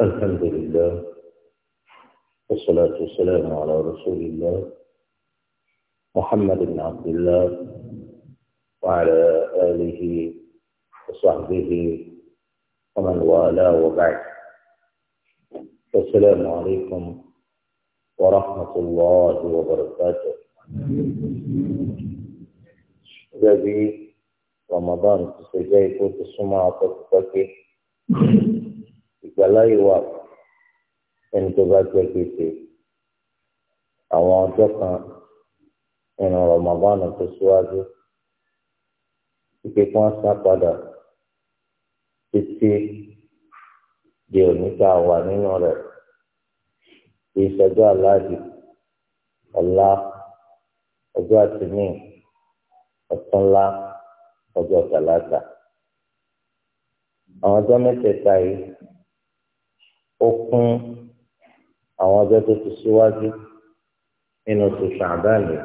الحمد لله والصلاة والسلام على رسول الله محمد بن عبد الله وعلى آله وصحبه ومن والاه وبعد السلام عليكم ورحمة الله وبركاته جبي رمضان كوت السماعة تتفكي ìgbàláyè wà ẹni tó bá jẹ́ kéṣe àwọn ọjọ́ kan nínú rọmọbánu tó síwájú wípé kí wọ́n sá padà títí di òní tá a wà nínú rẹ̀ kí ìṣẹ́jọ́ aláàjì ọ̀la ọjọ́ àtìmí ọ̀túnla ọjọ́ tàlátà àwọn ọjọ́ mẹ́tẹ̀ẹ̀ta yìí. ó kún àwọn ọjọ́ tó ti síwájú nínú oṣù ṣàbáàlì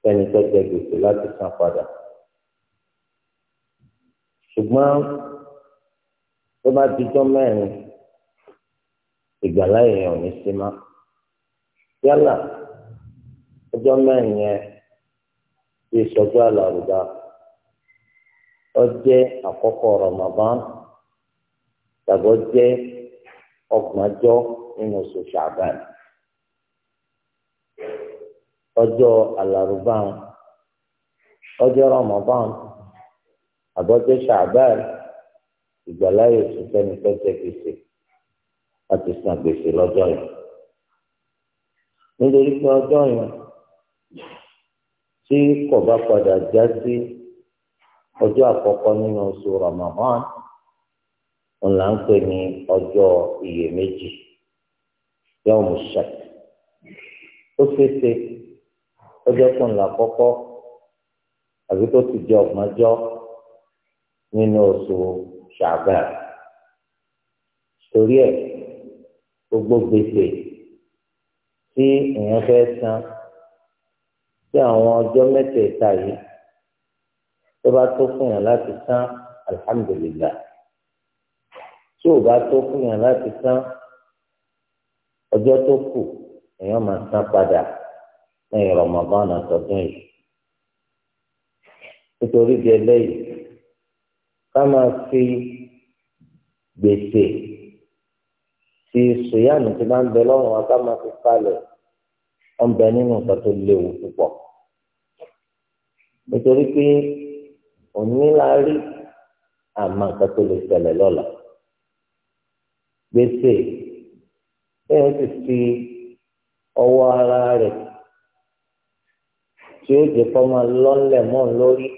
fẹ́ni tó jẹ gbèsè láti san padà ṣùgbọ́n tó bá dijọ́ mẹ́rin ìgbàláyè yẹn ò ní sí má yálà ọjọ́ mẹ́rin yẹn ti sọjọ́ ọgbọ̀njọ́ nínú oṣù ṣàbàn ọjọ́ alárùbáwọn ọjọ́ rọmọbáwọn àbọ̀jọ́ ṣàbàn ìgbàláyè oṣù fẹ́ni fẹsẹ gbèsè láti san gbèsè lọ́jọ́ yẹn nítorí pé ọjọ́ yẹn tí kò bá padà já sí ọjọ́ àkọ́kọ́ nínú oṣù rọmọbáwọn òun là ń pè ní ọjọ́ iyèméjì yóò mú ṣak ó ṣeéṣe ọjọ́ tó ń là kọ́kọ́ àbí tó ti di ọgbọ̀njọ́ nínú oṣù ṣàbẹ̀r torí ẹ̀ gbogbo gbèsè tí èèyàn fẹ́ san tí àwọn ọjọ́ mẹ́tẹ̀ẹ̀ta yìí tó bá tó fún yàn láti san alihamudulilayi tí ò bá tó fún yàn láti san ọjọ́ tó kù èèyàn máa san padà lẹ́yìn rọmọbọ́nà tọdún yìí nítorí di eléyìí ká máa fi gbèsè tí sùyánù ti máa ń bẹ lọ́rùn wa ká máa fi palẹ̀ ọ̀nbẹ nínú nǹkan tó léwu púpọ̀ nítorí pé òní la rí àmọ́ nǹkan tó lè ṣẹlẹ̀ lọ́la gbèsè bẹ́ẹ̀ sì fi ọwọ́ ara rẹ̀ tí ó jẹ́ kọ́ máa lọ́lẹ̀ mọ́ lórí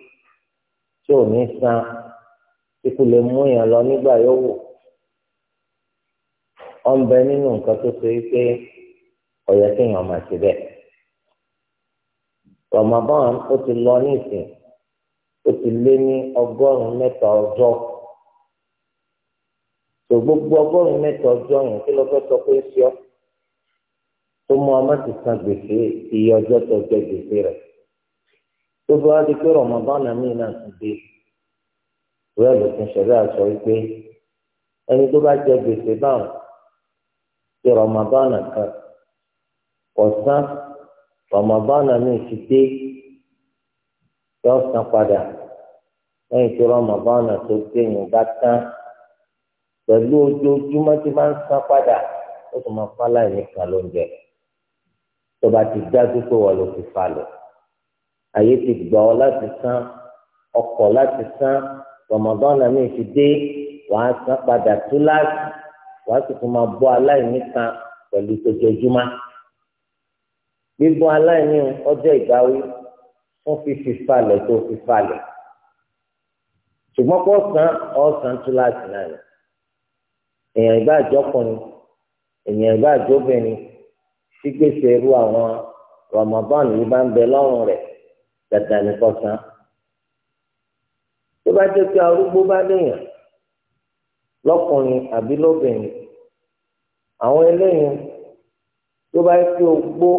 tí ò ní san tí kò lè mú yàn lọ nígbà yòówù ó ń bẹ nínú nǹkan tó ṣe pé ọ̀yẹ́ kéèyàn máa ṣe bẹ́ẹ̀. Ramadan ó ti lọ nísìn ó ti lé ní ọgọ́rùn-ún mẹ́ta ọjọ́ tó gbogbo ọgọ́rùn mẹ́ta ọjọ́ yẹn kí lọ fẹ́ sọ pé ṣe ọ tó mú ọmọ ti san gbèsè iye ọjọ́ tó jẹ gbèsè rẹ tó fi di pé rọmọbọnà míì náà ti dé ìwé ẹlòmíín ṣẹlẹ̀ àṣọ wípé ẹni tó bá jẹ gbèsè báwọn ti rọmọbọnà kan ọ̀sán rọmọbọnà míì ti dé yọ san padà lẹ́yìn tí rọmọbọnà tó dé bá tán pẹ̀lú ojoojúmọ́ tí máa ń san padà ó tún máa fún aláìní kan lóúnjẹ tó bá ti dájú pé wọ́n ló ti falẹ̀ ayé ti gbà ọ́ láti san ọkọ̀ láti san rọmọdọ́nà mi ti dé wàá san padà túláàsì wàá sì tún máa bọ́ aláìní kan pẹ̀lú ojoojúmọ́ bíbọ́ aláìní ọjọ́ ìgbàwí fún fífi falẹ̀ tó fi falẹ̀ ṣùgbọ́n kó san ọ̀sán túláàsì náà èèyàn ìbá àjọkùnrin èèyàn ìbá àjọbìnrin tí gbèsè irú àwọn Ramadan yìí bá ń bẹ lọ́rùn rẹ̀ dàda nìkan san tó bá jẹ́ pé arúgbó bá léèyàn lọ́kùnrin àbí lóbìnrin àwọn eléyìí tó bá fi ogbó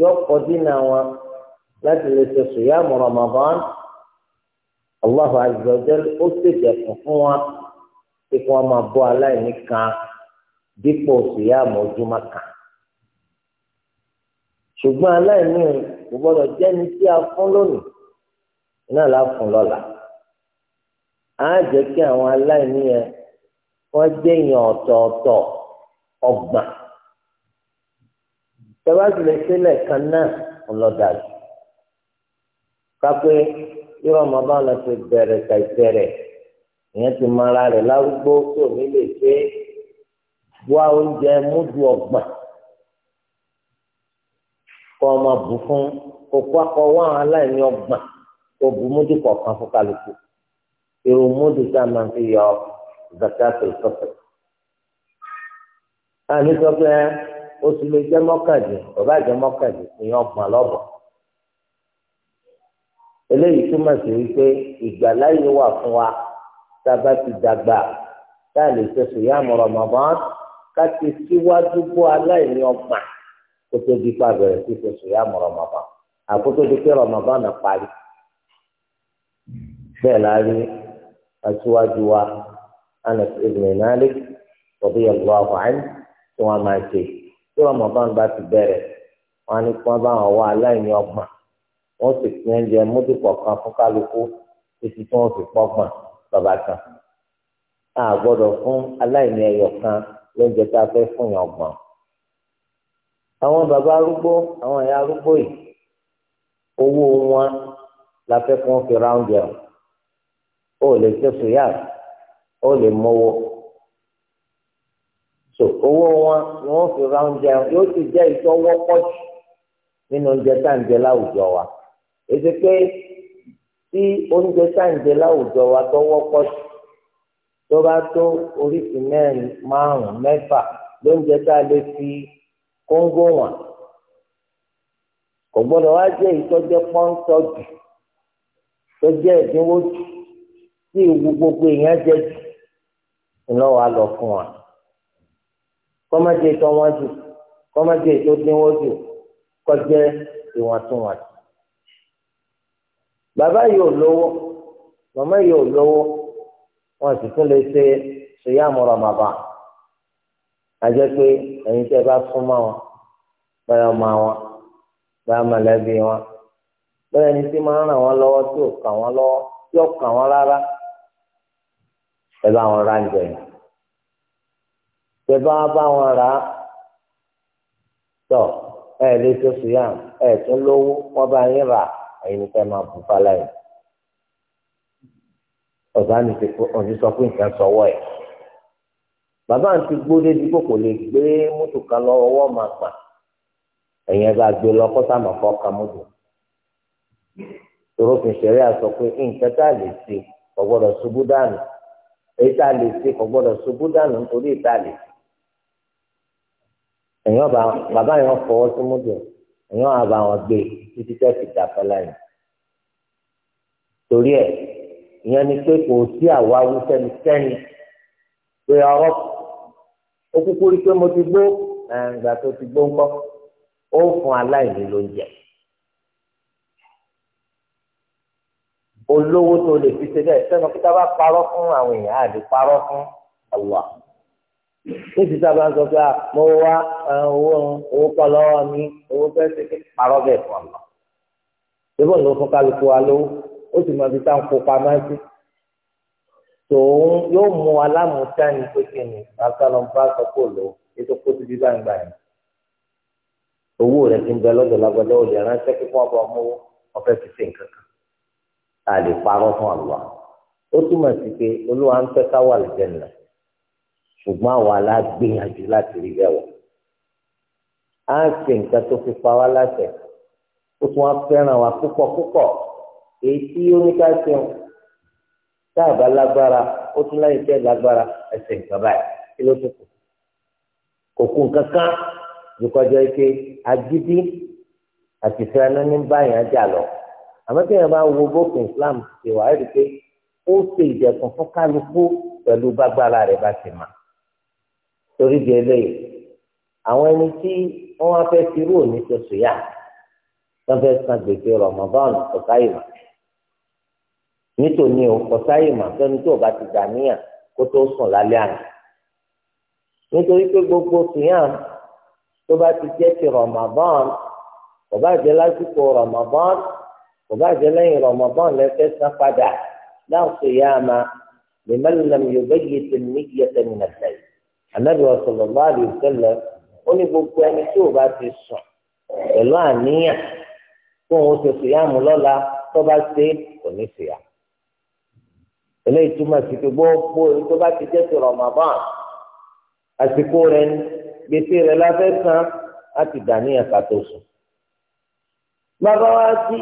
yọ kọ dínà wọn láti lè ṣe sùyàmù Ramadan Allahu azza wa ó ṣèjẹ fún wọn. pé ọmọ wọ́n máa bọ́ aláìní kan dípò síyáàmù kan. ṣùgbọ́n aláìní kò gbọ́dọ̀ tí a fún lónìí náà la fún lọ́la. á jẹ́ kí àwọn aláìní yẹn wọ́n jẹ́ èèyàn ọ̀tọ̀ọ̀tọ̀ ọgbọ̀n. sílẹ̀ kan náà kápẹ́ yóò máa bá wọn ìyẹn ti mọ ara rẹ̀ lárúgbó tí òní lè ṣe wá oúnjẹ múdu ọgbọ̀n kọ́ ọmọ bù fún kókó akọ wá àwọn aláìní ọgbọ̀n kó bu múdu kọ̀ọ̀kan fún kálukú irun múdu tá a máa fi yọ zakatul fitr. àmì sọ pé oṣù lè jẹ́ mọ́kàndín ọ̀bá jẹ́ mọ́kàndín ìyẹn ọgbọ̀n lọ́bọ̀ eléyìí túmọ̀ sí wípé ìgbàláyé wà fún wa tába ti dàgbà tá a lè sẹsùn yá Ramadan ká ti síwájú bó aláìní ọgbà kó tó di pa bẹ̀rẹ̀ sí sẹsùn yá Ramadan àkótó di pé Ramadan náà parí bẹ́ẹ̀ la rí aṣíwájú wa Anas ibn Malik radiyallahu anhu tí wọ́n máa ṣe tí Ramadan bá ti bẹ̀rẹ̀ wọ́n á ní kí wọ́n bá wọn wá aláìní ọgbà wọ́n sì pín ẹ̀jẹ̀ mọ́tò kọ̀ọ̀kan fún kálukú títí tí wọ́n fi pọ́gbọ̀n bàbá kan a gbọ́dọ̀ fún aláìní ẹyọ kan lóúnjẹ tá a fẹ́ fún yàn gbọ̀n àwọn bàbá arúgbó àwọn ẹ̀yà arúgbó yìí owó wọn la fẹ́ kí wọ́n fi ráúndì ẹ̀ ó lè ṣe sùúyà ó lè mọ́wọ́ so owó wọn ni wọ́n fi ráúndì ẹ̀ yóò ti jẹ́ ìtọ́wọ́ pọ̀jù nínú oúnjẹ tá à ń jẹ láwùjọ wa èsì pé tí oúnjẹ sáǹjẹ láwùjọ wa tó wọ́pọ̀ jù tó bá tó oríṣi mẹ́rin márùn-ún mẹ́fà lóúnjẹ tá a lè fi kóńgò wọn kò gbọ́dọ̀ wá jẹ́ ìtọ́jẹ́ pọ́ńtọ́ jù tó jẹ́ ìdínwó jù tí ìwú gbogbo èèyàn jẹ́ jù iná wa lọ fún wa kọ́mọ́jẹ tó wọ́n jù kọ́mọ́jẹ tó dínwó jù kọjẹ́ ìwọ̀ntúnwọ̀ntún. bàbá yìí lówó màmá yìí lówó wọn sì tún lè ṣe ṣèyàmù rọmọba àjẹ pé ẹ̀yin tẹ́ bá súnmọ́ wọn báyọ ọmọ wọn báyọ mọ̀lẹ́bí wọn báyọ ẹni tí máa ń ràn wọn lọ́wọ́ tí ò kàn wọn lọ́wọ́ tí ò kàn wọn rárá ẹ bá wọn ra ǹjẹ yìí tẹ́ bá bá wọn rà á tọ ẹ lè ṣe ṣèyàmù ẹ tún lówó wọn bá yín rà á ẹ̀yin ni ká máa bù fálá yìí ọ̀gá mi ti òní sọ pé nǹkan sọwọ́ ẹ̀ bàbá àti gbódé dípò kò lè gbé mọ́tò kan lọ́wọ́ máa gbà ẹ̀yin ẹ̀ka gbé lọ kó sàmà fọ́ ka mọ́tò tòró fi ṣẹ̀rí àsọ pé nǹkan tá a lè ṣe kò gbọ́dọ̀ ṣubú dànù èyí tá a lè ṣe kò gbọ́dọ̀ ṣubú dànù nítorí ìta lè ṣe ẹ̀yin ọba bàbá yẹn fọwọ́ sí mọ́tò yẹn ìyẹn wà bá wọn gbé títí tẹ́sí dàpẹ́lá yìí torí ẹ̀ ìyẹn ni pé kò sí àwáwí sẹ́nikẹ́ni pé ọ̀rọ̀ ó kúkú rí pé mo ti gbó ẹ̀ǹgbà tó ti gbó ńkọ́ ó fún aláìní ló ń jẹ. olówó tó lè fi ṣe bẹ́ẹ̀ sẹ́nu kí tá a bá parọ́ fún àwọn èèyàn àdé parọ́ fún ọ̀wà. Èsì tá a bá ń sọ pé mo wá owó owó kọ́ lọ́wọ́ mi owó fẹ́ ṣe kí parọ́ bẹ̀ fún ọ̀nà. Ṣébọ̀ ló fún kálukú wa lówó ó sì mọ ibi tá à ń kó pamọ́ sí. Tòun yóò mú alámùúta ní pété ní Absalomba sọ pé òlò ètò kó ti di gbàǹgbà yẹn. Owó rẹ̀ ti ń bẹ lọ́dọ̀ lágbàdo olè ránṣẹ́ pípọ́ ọba ọmọ ọ̀fẹ́ ti ṣe nǹkan kan. A lè parọ́ fún àlọ́. Ó túmọ̀ sí pé olúwa ń fẹ́ ká wà lẹ́jẹ̀ ṣùgbọ́n àwa la gbìyànjú láti rí bẹ́ẹ̀ wọ̀ á ṣe nǹkan tó fi pa wá láṣẹ ó tún wá fẹ́ràn wa púpọ̀ púpọ̀ èyí tí ó ní ká ṣeun tá a bá lágbára ó tún láyé tẹ́ lágbára ẹsẹ̀ nǹkan báyìí kí ló tún kù kò kú nǹkan kan ìkọjọ ike agídí àti ìfẹ́nu ní báyìí ajá lọ àmọ́ tí yẹn bá wo bófin Islam ṣe wà á rí i pé ó ṣe ìdẹ̀kùn fún kálukú pẹ̀lú bágbára rẹ̀ bá ti máa torí di eléyìí àwọn ẹni tí wọn wá fẹ́ fi rú òní tó sùn yá wọn fẹ́ san gbèsè rọmọbáwọn kọsáyì mà nítòní o kọsáyì mà fẹ́ni tí o bá ti dàníyàn kó tó sùn lálẹ́ àná nítorí pé gbogbo sùn tó bá ti jẹ́ ti rọmọbáwọn kò bá jẹ́ lásìkò rọmọbáwọn kò bá jẹ́ lẹ́yìn rọmọbáwọn lẹfẹ san padà láwùjọ yá ma lèmẹlẹmẹ yóò bẹ yé tẹmí ní yẹtẹmí nàgbẹ anabi sallallahu alaihi wasallam ó ní gbogbo ẹni tí ò bá ti sùn pẹ̀lú àníyàn kó òun ṣe sùyàmù lọ́la tó bá ṣe kò ní sùyà. eléyìí túmọ̀ sí pé gbogbo èyí tó bá ti jẹ́ ti Ramadan àsìkò rẹ̀ ní gbèsè rẹ̀ lábẹ́ san láti dàníyàn kàtó sùn. bàbá wa sí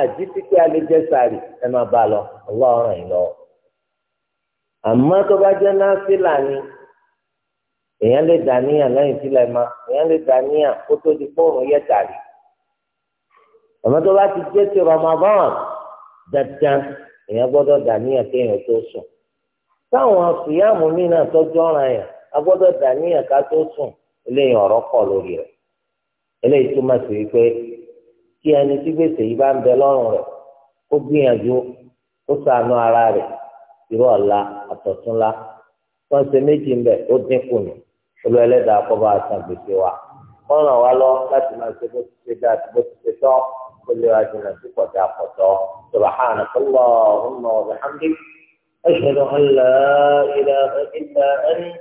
àjí pípé alẹ́jẹ́ sàrì ẹ máa bá a lọ ọlọ́run ìlọ. àmọ́ tó bá jẹ́ náà sílà ni. èèyàn lè dàníyàn lẹ́yìn lè ma èèyàn lè dàníyàn kó tó di fóònù yẹ tàrí àmọ́ tó bá ti dé ti Ramadan dandan èèyàn gbọ́dọ̀ dàníyàn kéèyàn tó sùn táwọn fìyàmù mi náà yẹn a gbọ́dọ̀ dàníyàn ká tó sùn eléyìí ọ̀rọ̀ pọ̀ lórí rẹ̀ eléyìí túmọ̀ sí wípé kí ẹni tí gbèsè yìí bá ń bẹ gbìyànjú sànú ara wọ́n ṣe méjì ń bẹ̀ ó dínkù nù. olú ẹlẹ́dàá kọ́ba àtàn gbèsè wa wọ́n ràn wá lọ láti máa ṣe bó ti ṣe dá àti bó ti ṣe tọ́ ó lé wa jìnnà sí pọ̀tà pọ̀tọ́ subhanaka Allahumma wa bihamdik ashhadu an la ilaha illa anta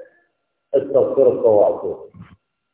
astaghfiruka wa atubu